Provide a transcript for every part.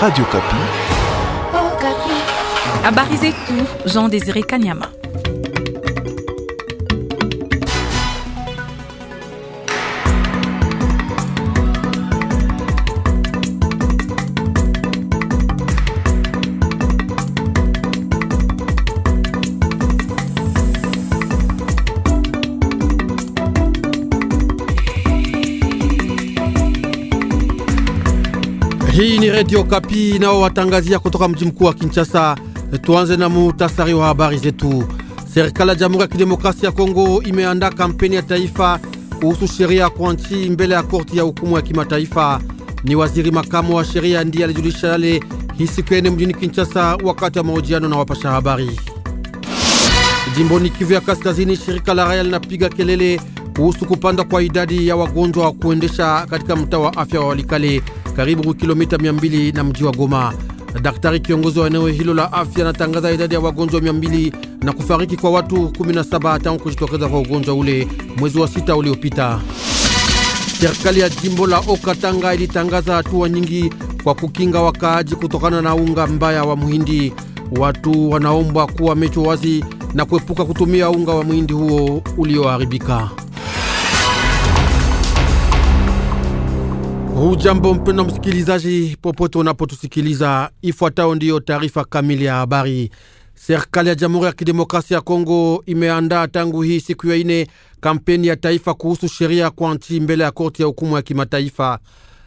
Radio Capi. Oh, Capi. Abariser tout, Jean-Désiré Kanyama. Hii ni Redio Kapi nao watangazia kutoka mji mkuu wa Kinshasa. Tuanze na muhtasari wa habari zetu. Serikali ya Jamhuri ya Kidemokrasia ya Kongo imeandaa kampeni ya taifa kuhusu sheria kwa nchi mbele ya korti ya hukumu ya kimataifa. Ni waziri makamu wa sheria ndiye alijulisha yale hii siku ya mjini Kinshasa wakati wa mahojiano na wapasha habari. Jimboni Kivu ya Kaskazini, shirika la raia linapiga kelele kuhusu kupanda kwa idadi ya wagonjwa wa kuendesha katika mtaa wa afya wa Walikale karibu kilomita 200 na mji wa Goma. Daktari kiongozi wa eneo hilo la afya anatangaza idadi ya wagonjwa 200 na kufariki kwa watu 17 tangu kujitokeza kwa ugonjwa ule mwezi wa sita uliopita. Serikali ya jimbo la Okatanga ilitangaza hatua nyingi kwa kukinga wakaaji kutokana na unga mbaya wa muhindi. Watu wanaombwa kuwa mecho wazi na kuepuka kutumia unga wa muhindi huo ulioharibika. Hujambo mpendo msikilizaji, popote unapotusikiliza, ifuatayo ndiyo taarifa kamili ya habari. Serikali ya Jamhuri ya Kidemokrasia ya Kongo imeandaa tangu hii siku ya ine kampeni ya taifa kuhusu sheria kwa nchi mbele ya korti ya hukumu ya kimataifa.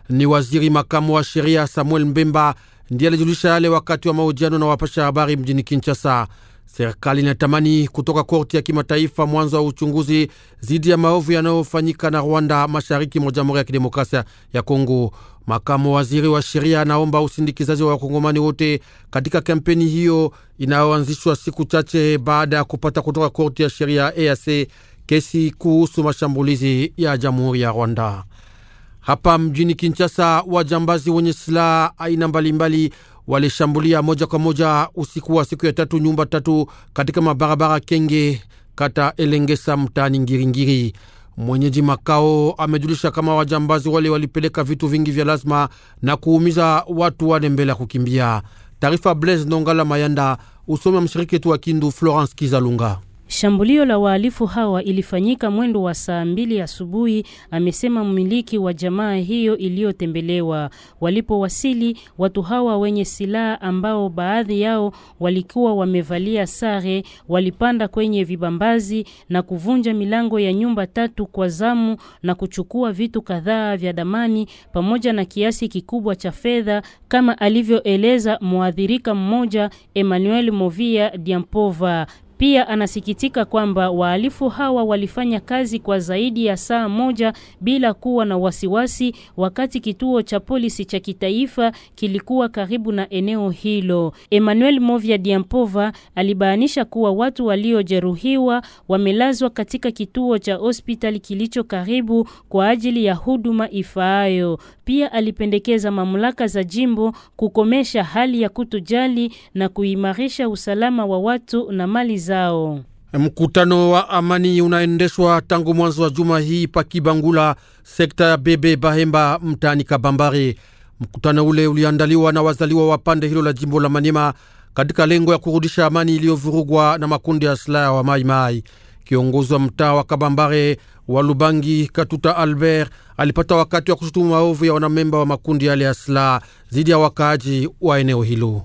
Ni waziri makamu wa sheria Samuel Mbemba ndiye alijulisha yale wakati wa mahojiano na wapasha habari mjini Kinshasa. Serikali inatamani kutoka korti ya kimataifa mwanzo wa uchunguzi dhidi ya maovu yanayofanyika na Rwanda mashariki mwa Jamhuri ya Kidemokrasia ya Kongo. Makamu waziri wa sheria anaomba usindikizaji wa wakongomani wote katika kampeni hiyo inayoanzishwa siku chache baada ya kupata kutoka korti ya sheria EAC kesi kuhusu mashambulizi ya Jamhuri ya Rwanda. Hapa mjini Kinshasa, wajambazi wenye silaha aina mbalimbali walishambulia moja kwa moja usiku wa siku ya tatu nyumba tatu katika mabarabara Kenge, kata Elengesa, mtaani Ngiringiri. Mwenyeji makao amejulisha kama wajambazi wale walipeleka vitu vingi vya lazima na kuumiza watu wane mbele ya kukimbia. Taarifa Blaise Nongala Mayanda, usomi wa mshiriki wetu wa Kindu Florence Kizalunga. Shambulio la wahalifu hawa ilifanyika mwendo wa saa mbili asubuhi, amesema mmiliki wa jamaa hiyo iliyotembelewa. Walipowasili, watu hawa wenye silaha ambao baadhi yao walikuwa wamevalia sare walipanda kwenye vibambazi na kuvunja milango ya nyumba tatu kwa zamu na kuchukua vitu kadhaa vya damani pamoja na kiasi kikubwa cha fedha kama alivyoeleza mwathirika mmoja Emmanuel Movia Diampova. Pia anasikitika kwamba wahalifu hawa walifanya kazi kwa zaidi ya saa moja bila kuwa na wasiwasi wakati kituo cha polisi cha kitaifa kilikuwa karibu na eneo hilo. Emmanuel Movia Diampova alibainisha kuwa watu waliojeruhiwa wamelazwa katika kituo cha hospitali kilicho karibu kwa ajili ya huduma ifaayo. Pia alipendekeza mamlaka za jimbo kukomesha hali ya kutujali na kuimarisha usalama wa watu na mali zao. Mkutano wa amani unaendeshwa tangu mwanzo wa juma hii Pakibangula, sekta ya Bebe Bahemba, mtaani Kabambare. Mkutano ule uliandaliwa na wazaliwa wa pande hilo la jimbo la manema katika lengo ya kurudisha amani iliyovurugwa na makundi ya silaha wa Maimai. Kiongozi wa mtaa wa Kabambare wa Lubangi, Katuta Albert, alipata wakati wa kushutumu maovu ya wanamemba wa makundi yale ya silaha dhidi ya wakaaji wa eneo hilo.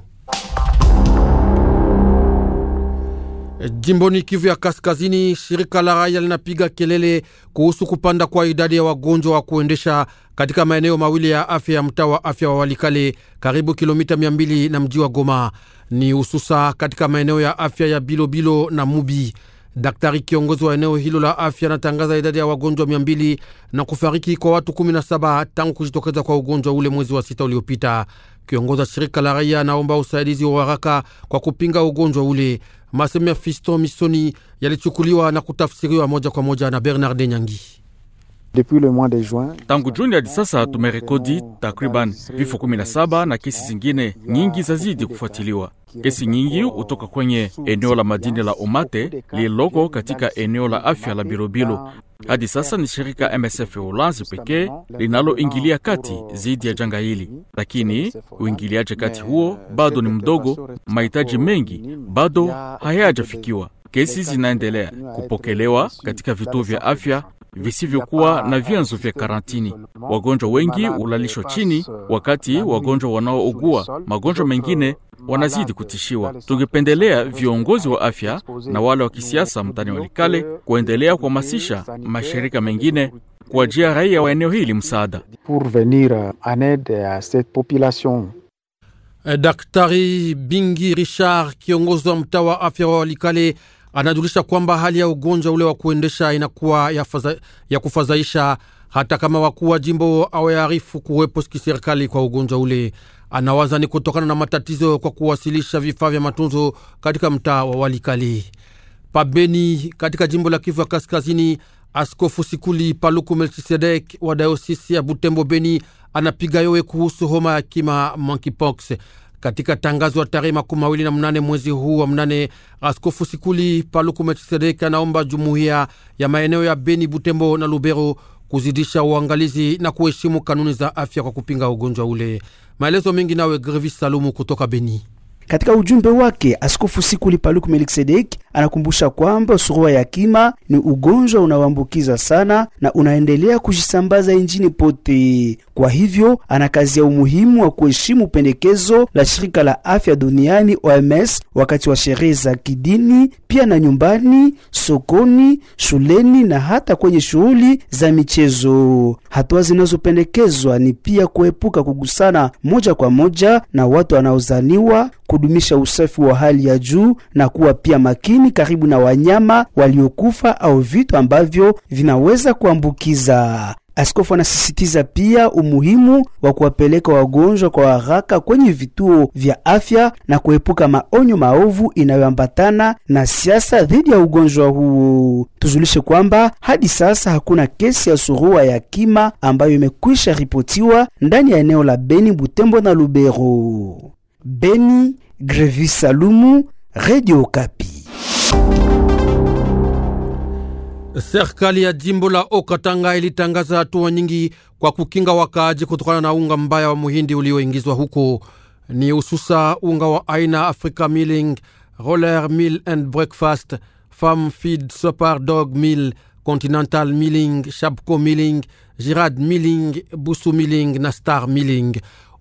Jimboni Kivu ya Kaskazini, shirika la raia linapiga kelele kuhusu kupanda kwa idadi ya wagonjwa wa kuendesha katika maeneo mawili ya afya ya mtaa wa afya wa Walikale, karibu kilomita mia mbili na mji wa Goma, ni hususa katika maeneo ya afya ya Bilobilo Bilo na Mubi. Daktari kiongozi wa eneo hilo la afya anatangaza idadi ya wagonjwa mia mbili na kufariki kwa watu 17 tangu kujitokeza kwa ugonjwa ule mwezi wa sita uliopita. Kiongozi wa shirika la raia anaomba usaidizi wa haraka kwa kupinga ugonjwa ule. Maseme ya Fiston Misoni yalichukuliwa na kutafsiriwa moja kwa moja na Bernard Nyangi. Tangu Juni hadi sasa tumerekodi takriban vifo 17 na kesi zingine nyingi zazidi kufuatiliwa. Kesi nyingi hutoka kwenye eneo la madini la Omate liloko katika eneo la afya la Birobilo. Hadi sasa ni shirika MSF ya Ulanzi pekee linaloingilia kati zidi ya janga hili, lakini uingiliaji kati huo bado ni mdogo. Mahitaji mengi bado hayajafikiwa. Kesi zinaendelea kupokelewa katika vituo vya afya visivyokuwa na vyanzo vya karantini. Wagonjwa wengi hulalishwa chini, wakati wagonjwa wanaougua magonjwa mengine wanazidi kutishiwa. Tungependelea viongozi wa afya na wale wa kisiasa mtani Walikale kuendelea kuhamasisha mashirika mengine kuajia raia wa eneo hili msaada. Daktari Bingi Richard, kiongozi wa mtaa wa afya wa Walikale anajulisha kwamba hali ya ugonjwa ule wa kuendesha inakuwa ya, faza, ya kufadhaisha hata kama wakuu wa jimbo awearifu kuwepo kiserikali kwa ugonjwa ule. Anawaza ni kutokana na matatizo kwa kuwasilisha vifaa vya matunzo katika mtaa wa Walikali pabeni katika jimbo la Kivu ya Kaskazini. Askofu Sikuli Paluku Melchisedek wa dayosisi ya Butembo Beni anapiga yowe kuhusu homa ya kima monkeypox. Katika tangazo ya tarehe makumi mawili na mnane mwezi huu wa mnane, Askofu Sikuli Paluku Melkisedeki anaomba jumuiya ya maeneo ya Beni, Butembo na Lubero kuzidisha uangalizi na kuheshimu kanuni za afya kwa kupinga ugonjwa ule. Maelezo mengi nawe Grevis Salumu kutoka Beni. Katika ujumbe wake, Askofu Sikuli Paluku Melkisedeki anakumbusha kwamba surua ya kima ni ugonjwa unaoambukiza sana na unaendelea kujisambaza injini pote. Kwa hivyo anakazia umuhimu wa kuheshimu pendekezo la shirika la afya duniani OMS wakati wa sherehe za kidini, pia na nyumbani, sokoni, shuleni na hata kwenye shughuli za michezo. Hatua zinazopendekezwa ni pia kuepuka kugusana moja kwa moja na watu wanaozaniwa kudumisha usafi wa hali ya juu na kuwa pia makini karibu na wanyama waliokufa au vitu ambavyo vinaweza kuambukiza. Askofu anasisitiza pia umuhimu wa kuwapeleka wagonjwa kwa haraka kwenye vituo vya afya na kuepuka maonyo maovu inayoambatana na siasa dhidi ya ugonjwa huo. Tuzulishe kwamba hadi sasa hakuna kesi ya surua ya kima ambayo imekwisha ripotiwa ndani ya eneo la Beni, Butembo na Lubero. Beni, Grevi Salumu, Radio Kapi. Serikali ya jimbo la Okatanga ilitangaza hatua nyingi kwa kukinga wakaaji kutokana na unga mbaya wa muhindi ulioingizwa huko, ni hususa unga wa aina Africa Milling, Roller Mill and Breakfast, Farm Feed Super Dog Mill, Continental Milling, shabko Milling, Girard Milling, Busu Milling na Star Milling.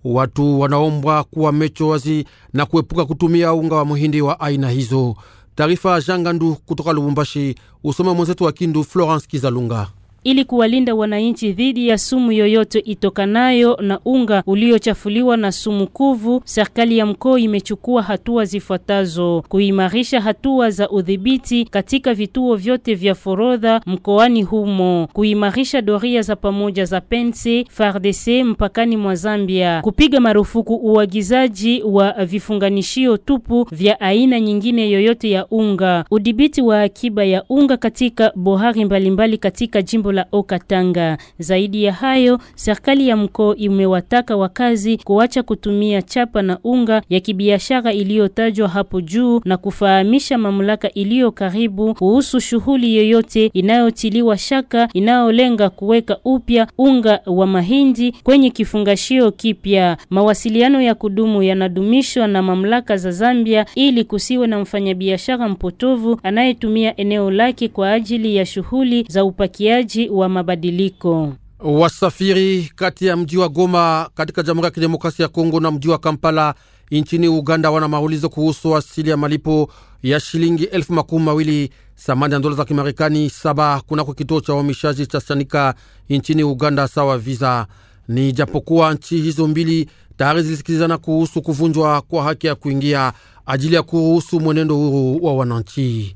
Watu wanaombwa kuwa mecho wazi na kuepuka kutumia unga wa muhindi wa aina hizo. Taarifa ya Gandu kutoka Lubumbashi, usome mwenzetu wa Kindu Florence Kizalunga ili kuwalinda wananchi dhidi ya sumu yoyote itokanayo na unga uliochafuliwa na sumu kuvu, serikali ya mkoa imechukua hatua zifuatazo: kuimarisha hatua za udhibiti katika vituo vyote vya forodha mkoani humo, kuimarisha doria za pamoja za pense FARDC mpakani mwa Zambia, kupiga marufuku uagizaji wa vifunganishio tupu vya aina nyingine yoyote ya unga, udhibiti wa akiba ya unga katika bohari mbalimbali mbali katika jimbo jimbo la Okatanga. Zaidi ya hayo, serikali ya mkoa imewataka wakazi kuacha kutumia chapa na unga ya kibiashara iliyotajwa hapo juu na kufahamisha mamlaka iliyo karibu kuhusu shughuli yoyote inayotiliwa shaka inayolenga kuweka upya unga wa mahindi kwenye kifungashio kipya. Mawasiliano ya kudumu yanadumishwa na mamlaka za Zambia ili kusiwe na mfanyabiashara mpotovu anayetumia eneo lake kwa ajili ya shughuli za upakiaji wakati wa mabadiliko. Wasafiri kati ya mji wa Goma katika Jamhuri ya Kidemokrasia ya Kongo na mji wa Kampala nchini Uganda wana maulizo kuhusu asili ya malipo ya shilingi elfu makumi mawili thamani ya dola za Kimarekani saba kunako kituo cha uhamishaji cha Sanika nchini Uganda sawa visa. Ni japokuwa nchi hizo mbili tayari zilisikilizana kuhusu kuvunjwa kwa haki ya kuingia ajili ya kuruhusu mwenendo huru wa wananchi.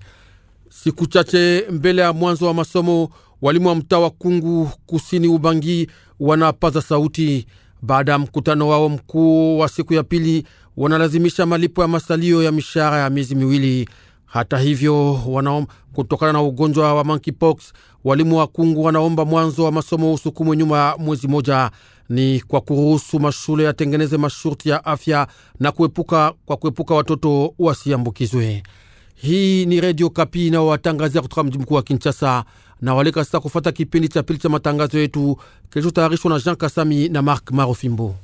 Siku chache mbele ya mwanzo wa masomo walimu wa mtaa wa Kungu kusini Ubangi wanapaza sauti baada ya mkutano wao mkuu wa siku ya pili, wanalazimisha malipo ya masalio ya mishahara ya miezi miwili. Hata hivyo kutokana na ugonjwa wa monkeypox, walimu wa Kungu wanaomba mwanzo wa masomo usukumwe nyuma ya mwezi moja, ni kwa kuruhusu mashule yatengeneze masharti ya afya na kuepuka, kwa kuepuka watoto wasiambukizwe. Hii ni Redio Kapi inayowatangazia kutoka mji mkuu wa Kinshasa na walika sasa kufata kipindi cha pili cha matangazo yetu kilichotayarishwa na Jean Kasami na Mark Marofimbo.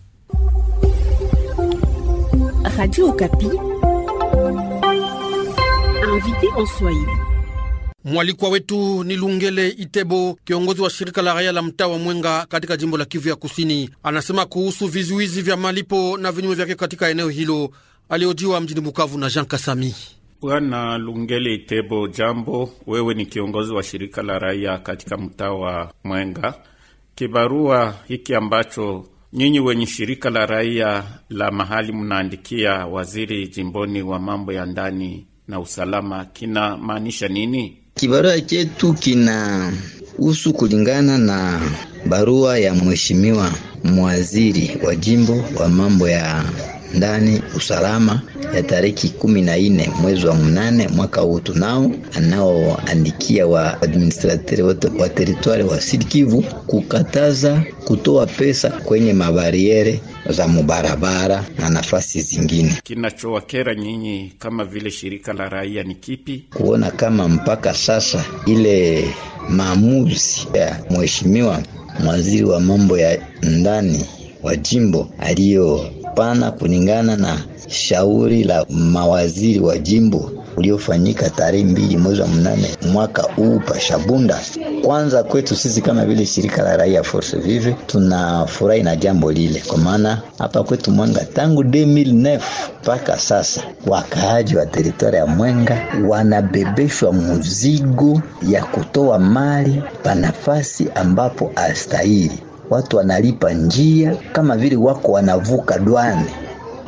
Mwalikwa wetu ni Lungele Itebo, kiongozi wa shirika la raia la mtaa wa Mwenga katika jimbo la Kivu ya Kusini. Anasema kuhusu vizuizi vya malipo na vinyume vyake katika eneo hilo. Aliojiwa mjini Bukavu na Jean Kasami. Bwana lungeli Itebo, jambo. Wewe ni kiongozi wa shirika la raia katika mtaa wa Mwenga. Kibarua hiki ambacho nyinyi wenye shirika la raia la mahali mnaandikia waziri jimboni wa mambo ya ndani na usalama kinamaanisha nini? Kibarua chetu kinahusu kulingana na barua ya mheshimiwa mwaziri wa jimbo wa mambo ya ndani usalama ya tariki kumi na nne mwezi wa mnane mwaka huu. Tunao anaoandikia wa administrateur wa teritwari wa Sidikivu kukataza kutoa pesa kwenye mabariere za mubarabara na nafasi zingine. Kinachowakera nyinyi kama vile shirika la raia ni kipi? Kuona kama mpaka sasa ile maamuzi ya mheshimiwa waziri wa mambo ya ndani wa jimbo aliyo Hapana, kulingana na shauri la mawaziri wa jimbo uliofanyika tarehe mbili mwezi wa mnane mwaka huu Pashabunda. Kwanza kwetu sisi kama vile shirika la raia Force Vive tunafurahi na jambo lile, kwa maana hapa kwetu Mwenga tangu 2009 mpaka sasa wakaaji wa teritoria ya Mwenga wanabebeshwa mzigo ya kutoa mali pa nafasi ambapo astahili watu wanalipa njia kama vile wako wanavuka dwane,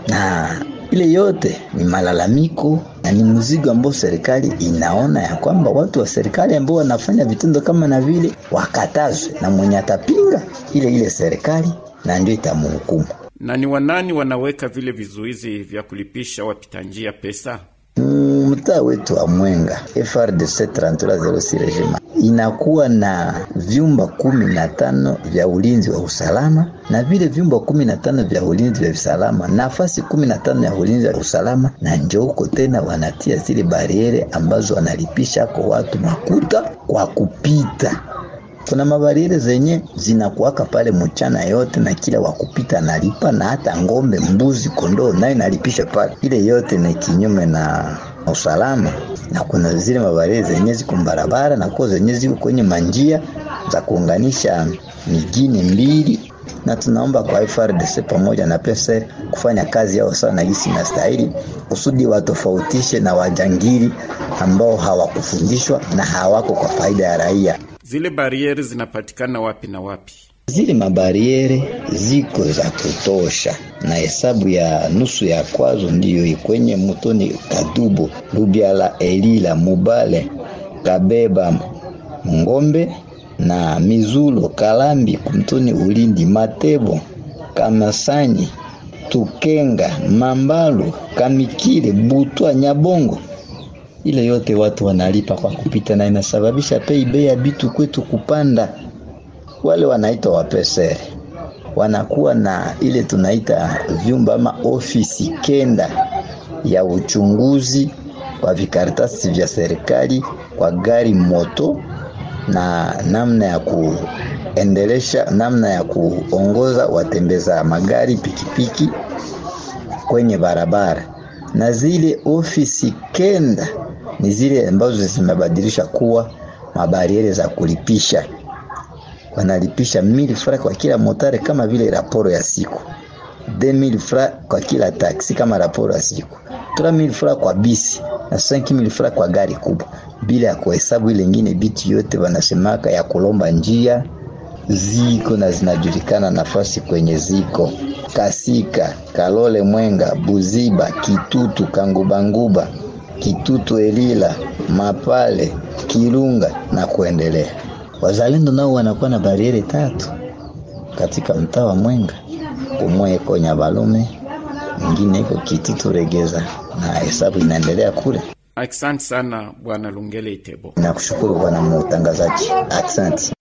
na ile yote ni malalamiko na ni mzigo ambao serikali inaona ya kwamba watu wa serikali ambao wanafanya vitendo kama na vile wakatazwe, na mwenye atapinga ile ile serikali na ndio itamhukumu. Na ni wanani wanaweka vile vizuizi vya kulipisha wapita njia pesa? Mm, mtaa wetu wa Mwenga FRDC 3306 regime inakuwa na vyumba kumi na tano vya ulinzi wa usalama, na vile vyumba kumi na tano vya ulinzi wa usalama, nafasi kumi na tano ya ulinzi wa usalama, na njo huko tena wanatia zile bariere ambazo wanalipisha kwa watu makuta kwa kupita kuna mabariere zenye zinakuwaka pale mchana yote, na kila wakupita analipa, na hata ngombe, mbuzi, kondoo naye nalipisha pale. Ile yote ni kinyume na na usalama, na kuna zile mavaria zenye ziko barabara na kwa zenye ziko kwenye manjia za kuunganisha mijini mbili, na tunaomba kwa frdc pamoja na PSR kufanya kazi yao sawa na jinsi inastahili, kusudi watofautishe na wajangili ambao hawakufundishwa na hawako kwa faida ya raia. Zile barieri zinapatikana wapi na wapi? Zile mabariere ziko za kutosha, na hesabu ya nusu ya kwazo ndiyo ikwenye mutoni Kadubo, Lubyala, Elila, Mubale, Kabeba, Ngombe na Mizulo, Kalambi kumtoni Ulindi, Matebo, Kamasanyi, Tukenga, Mambalu, Kamikile, Butwa, Nyabongo. Ile yote watu wanalipa kwa kupita na inasababisha pei bei ya bitu kwetu kupanda wale wanaitwa wapesere wanakuwa na ile tunaita vyumba ama ofisi kenda ya uchunguzi wa vikaratasi vya serikali kwa gari moto na namna ya kuendelesha namna ya kuongoza watembeza magari pikipiki kwenye barabara. Na zile ofisi kenda ni zile ambazo zimebadilisha kuwa mabariere za kulipisha wanalipisha 1000 francs kwa kila motare kama vile raporo ya siku, 2000 francs kwa kila taksi kama raporo ya siku, 3000 francs kwa bisi na 5000 francs kwa gari kubwa, bila ya kuhesabu ile nyingine bitu yote wanasemaka ya kulomba njia ziko na zinajulikana nafasi kwenye ziko Kasika, Kalole, Mwenga, Buziba, Kitutu, Kangubanguba, Kitutu, Elila, Mapale, Kirunga na kuendelea. Wazalendo nao wanakuwa na bariere tatu katika mtaa wa Mwenga, kumwe iko Nyabalume, ingine iko Kititu Regeza, na hesabu inaendelea kule. Asante sana Bwana Lungele Itebo. Nakushukuru bwana mtangazaji. Asante.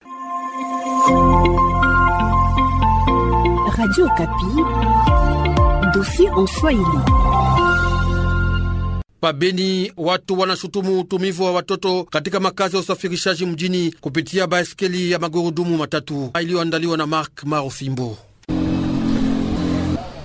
Radio Kapi, dossier en Swahili. Pabeni watu wanashutumu utumivu wa watoto katika makazi ya usafirishaji mjini kupitia baiskeli ya magurudumu matatu iliyoandaliwa na Mark Marofimbo.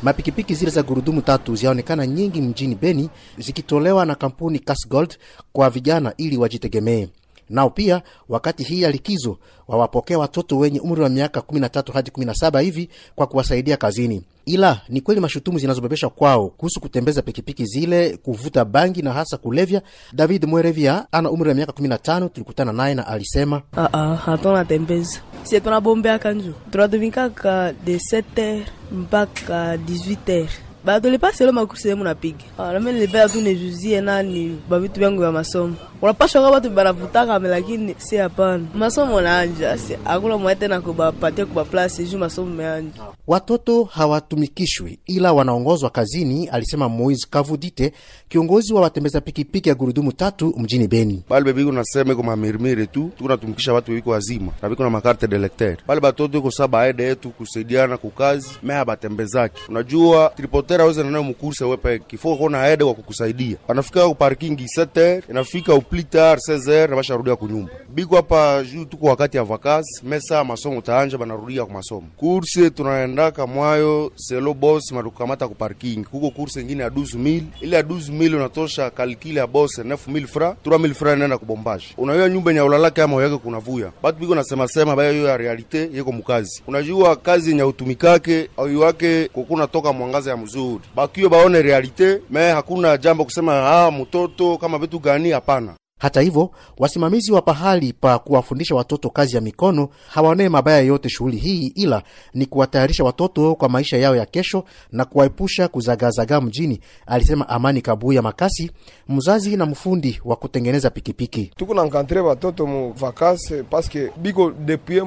Mapikipiki zile za gurudumu tatu zinaonekana nyingi mjini Beni zikitolewa na kampuni Casgold kwa vijana ili wajitegemee. Nao pia wakati hii ya likizo wawapokea watoto wenye umri wa miaka 13 hadi 17 hivi kwa kuwasaidia kazini. Ila ni kweli mashutumu zinazobebeshwa kwao kuhusu kutembeza pikipiki zile, kuvuta bangi na hasa kulevya. David Mwerevia ana umri wa miaka 15, tulikutana naye na alisema ah -uh, ah, hatuna tembeza sie tunabombea kanju tunatumikaka de 7h mpaka 18h batolipaselo makursi napiga ah, munapiga tu tunejuzie nani bavitu vyangu vya masomo unapasha kaa batu banavutaka, lakini si hapana. Masomo naanja hakuna mwae tena kubapatia kubaplasi juu masomo meanja. Watoto hawatumikishwi ila wanaongozwa kazini, alisema Moise Kavudite, kiongozi wa watembeza pikipiki ya gurudumu tatu mjini Beni. Bale bebiko nasema iko mamirmiri tu tukunatumikisha watu wiko wazima na biko na makarte de lecteur bale batoto iko saa baede yetu kusaidiana kukazi mea batembezaki. Unajua tripotera aweze nanayo mkursa wepe kifoko kona aede kwa kukusaidia, anafika kwa parking 7 inafika plus tard 16h basharudia kunyumba. Biko hapa juu tuko wakati ya vacances, mesa masomo taanja banarudia kwa masomo. Kurse tunaendaka mwayo selo boss marukamata ku parking. Kuko kurse nyingine ya 12000, ile ya 12000 unatosha kalkile ya boss 9000 francs, 3000 francs nenda kubombaje. Unajua nyumba nya ulalaka ama yake kuna vuya. Batu biko nasema sema baya hiyo ya realite yeko mkazi. Unajua kazi nya utumikake au yake kokuna toka mwangaza ya mzuri. Bakio baone realite, me hakuna jambo kusema ah mtoto kama vitu gani hapana. Hata hivyo wasimamizi wa pahali pa kuwafundisha watoto kazi ya mikono hawaonee mabaya yote shughuli hii, ila ni kuwatayarisha watoto kwa maisha yao ya kesho na kuwaepusha kuzagazagaa mjini, alisema Amani Kabuya Makasi, mzazi na mfundi wa kutengeneza pikipiki. Tuko na nkantre watoto mu vakase paske biko depuye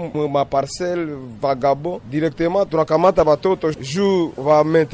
vagabo tunakamata watoto juu va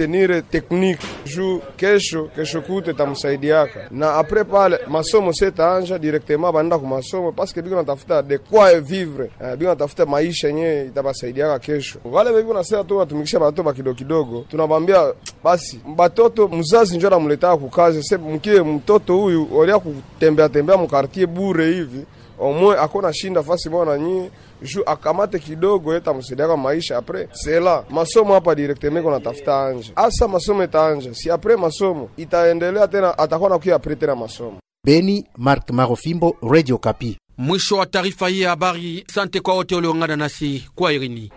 teknike juu kesho kesho kute tamsaidiaka na pale masomo seta kuchanja directement banaenda ku masomo parce que biko natafuta de quoi vivre, eh, biko natafuta maisha yenyewe itabasaidiaka kesho. Wale biko nasema tu natumikisha bato bakidogo kidogo, tunabambia basi batoto mzazi njo namuletaa kukazi se mkie mtoto huyu olia kutembea tembea mukartie bure hivi omwe akona shinda fasi mwana nyie ju akamate kidogo etamsaidia kwa maisha. Apre sela masomo hapa direktemeko natafuta anje, asa masomo itaanja, si apre masomo itaendelea tena, atakuwa nakuya apre tena masomo Beni, Mark Marofimbo, Radio Kapi. Mwisho wa taarifa hii ya habari. Sante kwa wote walioungana nasi kwa irini.